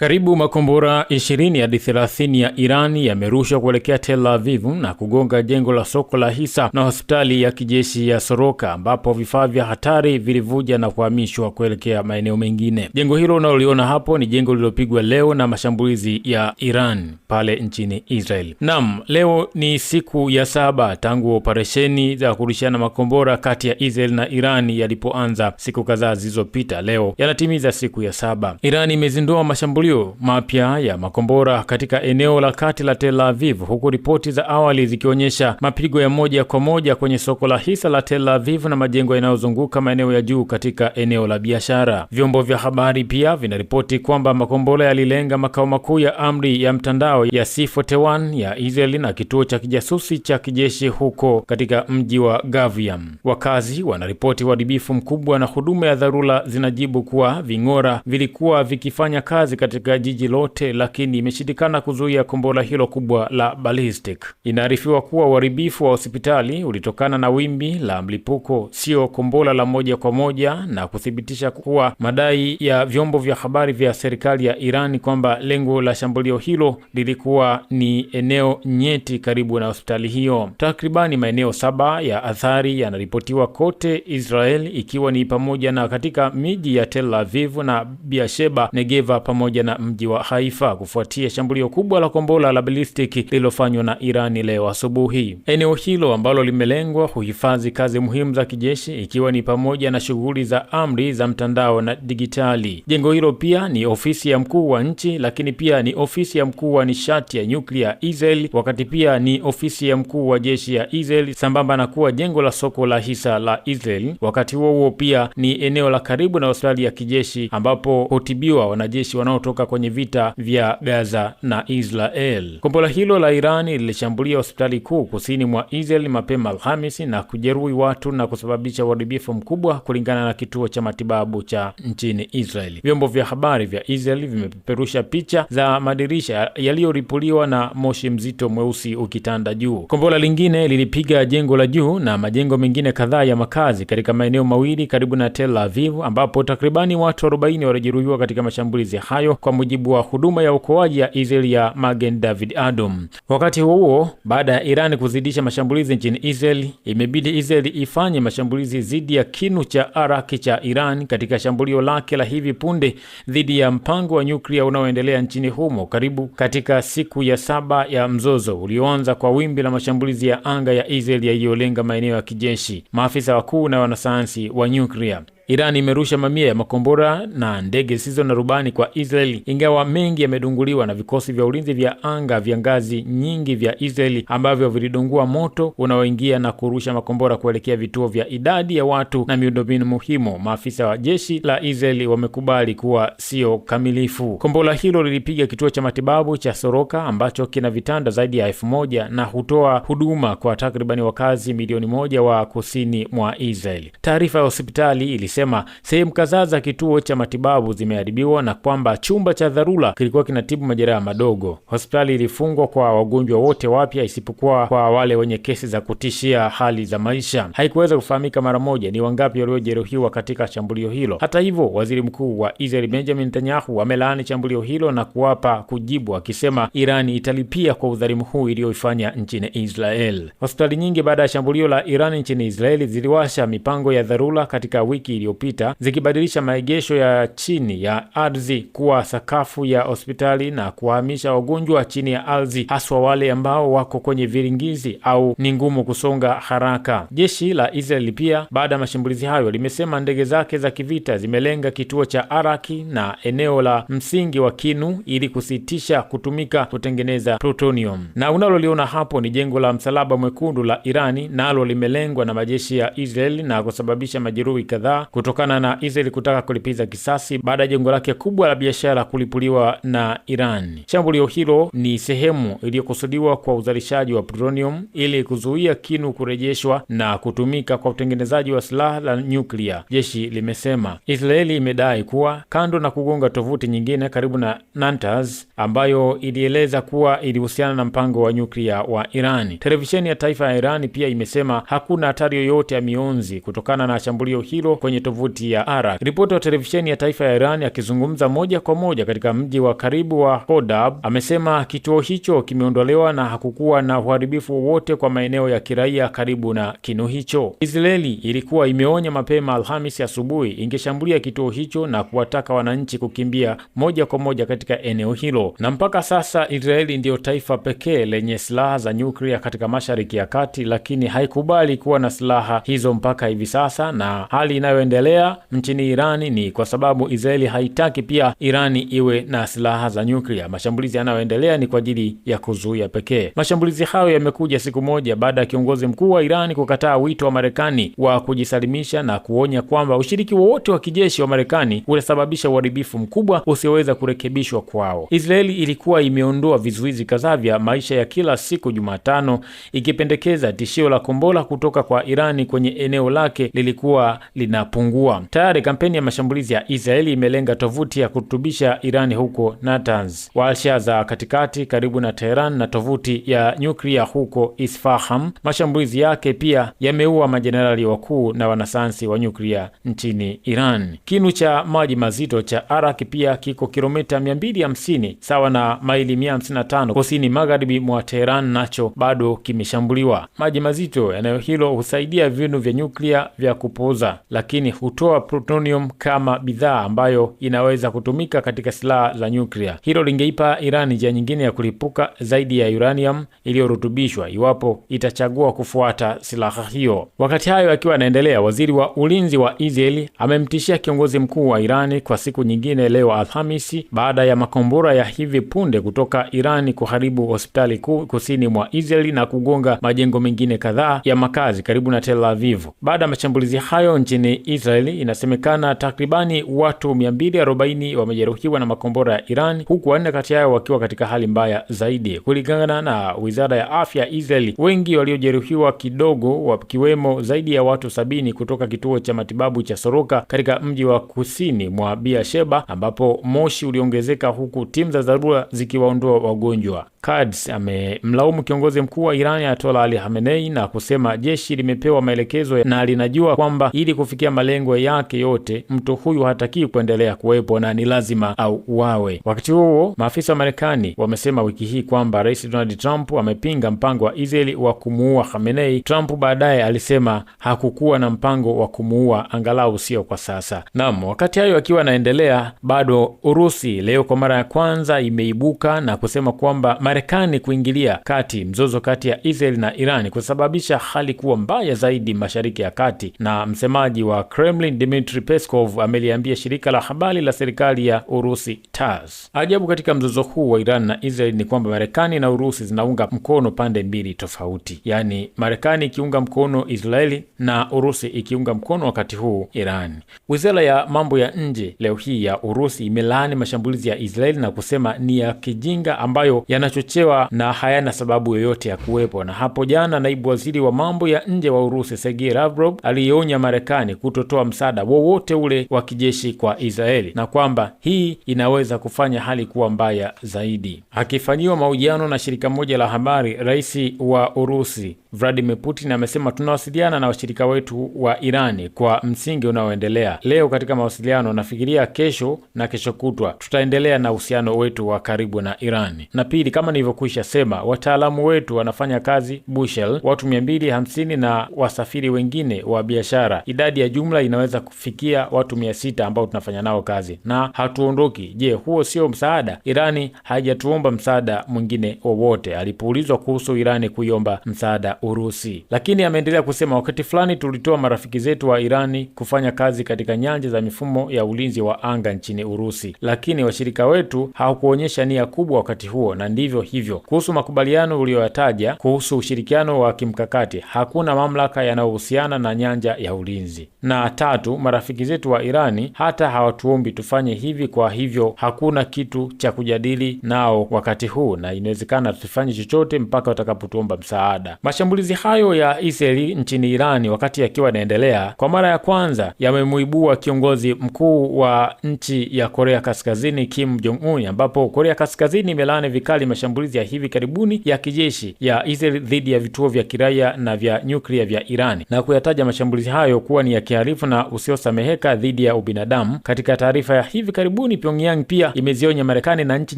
Karibu makombora 20 hadi 30 ya Irani yamerushwa kuelekea Tel Avivu na kugonga jengo la soko la hisa na hospitali ya kijeshi ya Soroka ambapo vifaa vya hatari vilivuja na kuhamishwa kuelekea maeneo mengine. Jengo hilo unaloliona hapo ni jengo lililopigwa leo na mashambulizi ya Iran pale nchini Israel. Naam, leo ni siku ya saba tangu operesheni za kurushiana makombora kati ya Israel na Iran yalipoanza siku kadhaa zilizopita. Leo yanatimiza siku ya saba. Iran imezindua mashambulizi mashambulio mapya ya makombora katika eneo la kati la Tel Aviv, huku ripoti za awali zikionyesha mapigo ya moja kwa moja kwenye soko la hisa la Tel Aviv na majengo yanayozunguka maeneo ya juu katika eneo la biashara. Vyombo vya habari pia vinaripoti kwamba makombora yalilenga makao makuu ya amri ya mtandao ya C41 ya Israeli na kituo cha kijasusi cha kijeshi huko katika mji wa Gaviam. Wakazi wanaripoti uharibifu mkubwa na huduma ya dharura zinajibu kuwa ving'ora vilikuwa vikifanya kazi katika katika jiji lote, lakini imeshindikana kuzuia kombora hilo kubwa la ballistic. Inaarifiwa kuwa uharibifu wa hospitali ulitokana na wimbi la mlipuko, sio kombora la moja kwa moja, na kuthibitisha kuwa madai ya vyombo vya habari vya serikali ya iran kwamba lengo la shambulio hilo lilikuwa ni eneo nyeti karibu na hospitali hiyo. Takribani maeneo saba ya athari yanaripotiwa kote Israel, ikiwa ni pamoja na katika miji ya Tel Aviv na Beersheba, Negeva pamoja na na mji wa Haifa kufuatia shambulio kubwa la kombora la balistiki lililofanywa na Irani leo asubuhi. Eneo hilo ambalo limelengwa huhifadhi kazi muhimu za kijeshi ikiwa ni pamoja na shughuli za amri za mtandao na digitali. Jengo hilo pia ni ofisi ya mkuu wa nchi, lakini pia ni ofisi ya mkuu wa nishati ya nyuklia Israel, wakati pia ni ofisi ya mkuu wa jeshi ya Israel, sambamba na kuwa jengo la soko la hisa la Israel. Wakati huo huo, pia ni eneo la karibu na hospitali ya kijeshi ambapo hutibiwa wanajeshi wanaotoka kutoka kwenye vita vya Gaza na Israel. Kombora hilo la Irani lilishambulia hospitali kuu kusini mwa Israel mapema Alhamisi na kujeruhi watu na kusababisha uharibifu mkubwa, kulingana na kituo cha matibabu cha nchini Israel. Vyombo vya habari vya Israel vimepeperusha picha za madirisha yaliyoripuliwa na moshi mzito mweusi ukitanda juu. Kombora lingine lilipiga jengo la juu na majengo mengine kadhaa ya makazi katika maeneo mawili karibu na Tel Aviv, ambapo takribani watu 40 walijeruhiwa katika mashambulizi hayo kwa kwa mujibu wa huduma ya ukoaji ya Israel ya Magen David Adom. Wakati huo huo, baada ya Iran kuzidisha mashambulizi nchini Israel, imebidi Israel ifanye mashambulizi dhidi ya kinu cha Araki cha Iran katika shambulio lake la hivi punde dhidi ya mpango wa nyuklia unaoendelea nchini humo, karibu katika siku ya saba ya mzozo ulioanza kwa wimbi la mashambulizi ya anga ya Israel yaliyolenga maeneo ya kijeshi, maafisa wakuu na wanasayansi wa nyuklia. Iran imerusha mamia ya makombora na ndege zisizo na rubani kwa Israeli, ingawa mengi yamedunguliwa na vikosi vya ulinzi vya anga vya ngazi nyingi vya Israeli ambavyo vilidungua moto unaoingia na kurusha makombora kuelekea vituo vya idadi ya watu na miundombinu muhimu. Maafisa wa jeshi la Israeli wamekubali kuwa sio kamilifu. Kombora hilo lilipiga kituo cha matibabu cha Soroka ambacho kina vitanda zaidi ya elfu moja na hutoa huduma kwa takribani wakazi milioni moja wa kusini mwa Israeli. Taarifa ya hospitali ilisema amesema sehemu kadhaa za kituo cha matibabu zimeharibiwa na kwamba chumba cha dharura kilikuwa kinatibu majeraha madogo. Hospitali ilifungwa kwa wagonjwa wote wapya isipokuwa kwa wale wenye kesi za kutishia hali za maisha. Haikuweza kufahamika mara moja ni wangapi waliojeruhiwa katika shambulio hilo. Hata hivyo, waziri mkuu wa Israel Benjamin Netanyahu amelaani shambulio hilo na kuwapa kujibu akisema Irani italipia kwa udhalimu huu iliyoifanya nchini Israel. Hospitali nyingi baada ya shambulio la Irani nchini Israeli ziliwasha mipango ya dharura katika wiki iliyopita zikibadilisha maegesho ya chini ya ardhi kuwa sakafu ya hospitali na kuwahamisha wagonjwa chini ya ardhi, haswa wale ambao wako kwenye viringizi au ni ngumu kusonga haraka. Jeshi la Israeli pia baada ya mashambulizi hayo limesema ndege zake za kivita zimelenga kituo cha Araki na eneo la msingi wa Kinu ili kusitisha kutumika kutengeneza plutonium. Na unaloliona hapo ni jengo la Msalaba Mwekundu la Irani, nalo limelengwa na majeshi ya Israeli na kusababisha majeruhi kadhaa kutokana na Israeli kutaka kulipiza kisasi baada ya jengo lake kubwa la biashara kulipuliwa na Iran. Shambulio hilo ni sehemu iliyokusudiwa kwa uzalishaji wa plutonium ili kuzuia kinu kurejeshwa na kutumika kwa utengenezaji wa silaha la nyuklia, jeshi limesema. Israeli imedai kuwa kando na kugonga tovuti nyingine karibu na Natanz ambayo ilieleza kuwa ilihusiana na mpango wa nyuklia wa Iran. Televisheni ya taifa ya Iran pia imesema hakuna hatari yoyote ya mionzi kutokana na shambulio hilo kwenye kwenye tovuti ya Ara. Ripoti wa televisheni ya taifa ya Iran akizungumza moja kwa moja katika mji wa karibu wa hodab amesema kituo hicho kimeondolewa na hakukuwa na uharibifu wowote kwa maeneo ya kiraia karibu na kinu hicho. Israeli ilikuwa imeonya mapema Alhamis asubuhi ingeshambulia kituo hicho na kuwataka wananchi kukimbia moja kwa moja katika eneo hilo, na mpaka sasa Israeli ndiyo taifa pekee lenye silaha za nyuklia katika Mashariki ya Kati, lakini haikubali kuwa na silaha hizo mpaka hivi sasa na hali inayo zinazoendelea nchini Irani ni kwa sababu Israeli haitaki pia Irani iwe na silaha za nyuklia. Mashambulizi yanayoendelea ni kwa ajili ya kuzuia pekee. Mashambulizi hayo yamekuja siku moja baada ya kiongozi mkuu wa Irani kukataa wito wa Marekani wa kujisalimisha na kuonya kwamba ushiriki wowote wa, kijeshi wa Marekani utasababisha uharibifu mkubwa usioweza kurekebishwa kwao. Israeli ilikuwa imeondoa vizuizi kadhaa vya maisha ya kila siku Jumatano, ikipendekeza tishio la kombora kutoka kwa Irani kwenye eneo lake lilikuwa linapu kupungua. Tayari kampeni ya mashambulizi ya Israeli imelenga tovuti ya kurutubisha Irani huko Natanz, warsha za katikati karibu na Teheran na tovuti ya nyuklia huko Isfahan. Mashambulizi yake pia yameua majenerali wakuu na wanasayansi wa nyuklia nchini Iran. Kinu cha maji mazito cha Arak pia kiko kilomita 250 sawa na maili 155 kusini magharibi mwa Teheran, nacho bado kimeshambuliwa. Maji mazito eneo hilo husaidia vinu vya nyuklia vya kupooza lakini Marekani hutoa plutonium kama bidhaa ambayo inaweza kutumika katika silaha za nyuklia. Hilo lingeipa Irani njia nyingine ya kulipuka zaidi ya uranium iliyorutubishwa iwapo itachagua kufuata silaha hiyo. Wakati hayo akiwa anaendelea, waziri wa ulinzi wa Israel amemtishia kiongozi mkuu wa Irani kwa siku nyingine leo Alhamisi baada ya makombora ya hivi punde kutoka Irani kuharibu hospitali kuu kusini mwa Israel na kugonga majengo mengine kadhaa ya makazi karibu na Tel Aviv. Baada ya mashambulizi hayo nchini Israeli inasemekana takribani watu 240 wamejeruhiwa na makombora ya Iran, huku wanne kati yao wakiwa katika hali mbaya zaidi. Kulingana na wizara ya afya ya Israeli, wengi waliojeruhiwa kidogo, wakiwemo zaidi ya watu sabini kutoka kituo cha matibabu cha Soroka katika mji wa kusini mwa Beersheba, ambapo moshi uliongezeka huku timu za dharura zikiwaondoa wagonjwa. Kads amemlaumu kiongozi mkuu wa Irani Ayatollah Ali Khamenei na kusema jeshi limepewa maelekezo na linajua kwamba ili kufikia malengo yake yote mtu huyu hatakii kuendelea kuwepo na ni lazima au wawe Wakati huo maafisa wa Marekani wamesema wiki hii kwamba Rais Donald Trump amepinga mpango wa Israeli wa kumuua Khamenei. Trump baadaye alisema hakukuwa na mpango wa kumuua, angalau sio kwa sasa. Naam, wakati hayo akiwa anaendelea, bado Urusi leo kwa mara ya kwanza imeibuka na kusema kwamba Marekani kuingilia kati mzozo kati ya Israel na Iran kusababisha hali kuwa mbaya zaidi Mashariki ya Kati, na msemaji wa Kremlin dmitri Peskov ameliambia shirika la habari la serikali ya Urusi TASS. Ajabu katika mzozo huu wa Iran na Israel ni kwamba Marekani na Urusi zinaunga mkono pande mbili tofauti, yaani Marekani ikiunga mkono Israeli na Urusi ikiunga mkono wakati huu Iran. Wizara ya mambo ya nje leo hii ya Urusi imelaani mashambulizi ya Israeli na kusema ni ya kijinga ambayo yanacho yaliyochochewa na hayana sababu yoyote ya kuwepo. Na hapo jana, naibu waziri wa mambo ya nje wa Urusi Sergei Lavrov aliyeonya Marekani kutotoa msaada wowote ule wa kijeshi kwa Israeli na kwamba hii inaweza kufanya hali kuwa mbaya zaidi. Akifanyiwa mahojiano na shirika moja la habari, rais wa Urusi Vladimir Putin amesema, tunawasiliana na washirika wetu wa Irani kwa msingi unaoendelea leo katika mawasiliano, nafikiria kesho na kesho kutwa tutaendelea na uhusiano wetu wa karibu na Irani. Na pili, kama kama nilivyokwisha sema, wataalamu wetu wanafanya kazi Bushel, watu mia hamsini na wasafiri wengine wa biashara. Idadi ya jumla inaweza kufikia watu mia sita ambao tunafanya nao kazi na hatuondoki. Je, huo sio msaada? Irani haijatuomba msaada mwingine wowote, alipoulizwa kuhusu Irani kuiomba msaada Urusi. Lakini ameendelea kusema, wakati fulani tulitoa marafiki zetu wa Irani kufanya kazi katika nyanja za mifumo ya ulinzi wa anga nchini Urusi, lakini washirika wetu hawakuonyesha nia kubwa wakati huo, na ndivyo hivyo hivyo. Kuhusu makubaliano uliyoyataja kuhusu ushirikiano wa kimkakati, hakuna mamlaka yanayohusiana na nyanja ya ulinzi. Na tatu, marafiki zetu wa Irani hata hawatuombi tufanye hivi, kwa hivyo hakuna kitu cha kujadili nao wakati huu, na inawezekana tusifanye chochote mpaka watakapotuomba msaada. Mashambulizi hayo ya Israeli nchini Irani wakati yakiwa yanaendelea, kwa mara ya kwanza yamemuibua kiongozi mkuu wa nchi ya Korea Kaskazini Kim Jong Un, ambapo Korea Kaskazini imelaani vikali mashambulizi mashambulizi ya hivi karibuni ya kijeshi ya Israel dhidi ya vituo vya kiraia na vya nyuklia vya Irani na kuyataja mashambulizi hayo kuwa ni ya kihalifu na usiosameheka dhidi ya ubinadamu. Katika taarifa ya hivi karibuni, Pyongyang pia imezionya Marekani na nchi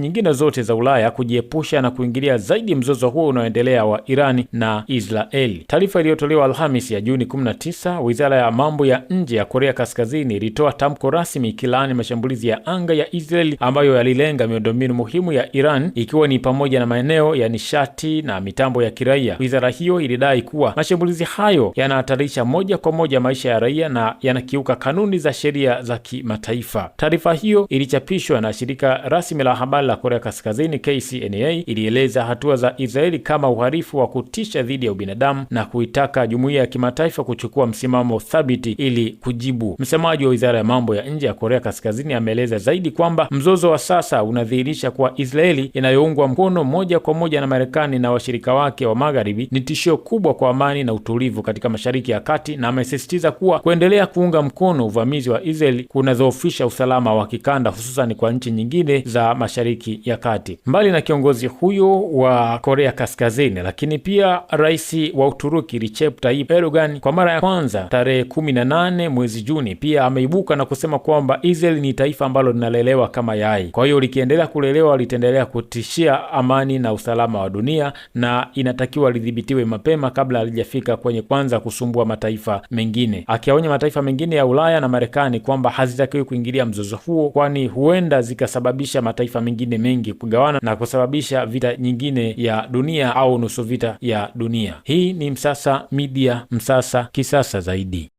nyingine zote za Ulaya kujiepusha na kuingilia zaidi mzozo huo unaoendelea wa Irani na Israeli. Taarifa iliyotolewa alhamis ya Juni 19, Wizara ya Mambo ya Nje ya Korea Kaskazini ilitoa tamko rasmi ikilaani mashambulizi ya anga ya Israeli ambayo yalilenga miundombinu muhimu ya Iran ikiwa ni pamoja pamoja na maeneo ya nishati na mitambo ya kiraia. Wizara hiyo ilidai kuwa mashambulizi hayo yanahatarisha moja kwa moja maisha ya raia na yanakiuka kanuni za sheria za kimataifa. Taarifa hiyo ilichapishwa na shirika rasmi la habari la Korea Kaskazini KCNA, ilieleza hatua za Israeli kama uhalifu wa kutisha dhidi ya ubinadamu na kuitaka jumuiya ya kimataifa kuchukua msimamo thabiti ili kujibu. Msemaji wa wizara ya mambo ya nje ya Korea Kaskazini ameeleza zaidi kwamba mzozo wa sasa unadhihirisha kuwa Israeli inayoungwa mkono mkono moja kwa moja na Marekani na washirika wake wa Magharibi ni tishio kubwa kwa amani na utulivu katika Mashariki ya Kati, na amesisitiza kuwa kuendelea kuunga mkono uvamizi wa Israeli kunadhoofisha usalama wa kikanda, hususani kwa nchi nyingine za Mashariki ya Kati. Mbali na kiongozi huyo wa Korea Kaskazini, lakini pia rais wa Uturuki Recep Tayyip Erdogan kwa mara ya kwanza tarehe 18 mwezi Juni pia ameibuka na kusema kwamba Israeli ni taifa ambalo linalelewa kama yai, kwa hiyo likiendelea kulelewa litaendelea kutishia amani na usalama wa dunia na inatakiwa lidhibitiwe mapema kabla halijafika kwenye kwanza kusumbua mataifa mengine, akiaonya mataifa mengine ya Ulaya na Marekani kwamba hazitakiwi kuingilia mzozo huo, kwani huenda zikasababisha mataifa mengine mengi kugawana na kusababisha vita nyingine ya dunia au nusu vita ya dunia. Hii ni Msasa Media, Msasa kisasa zaidi.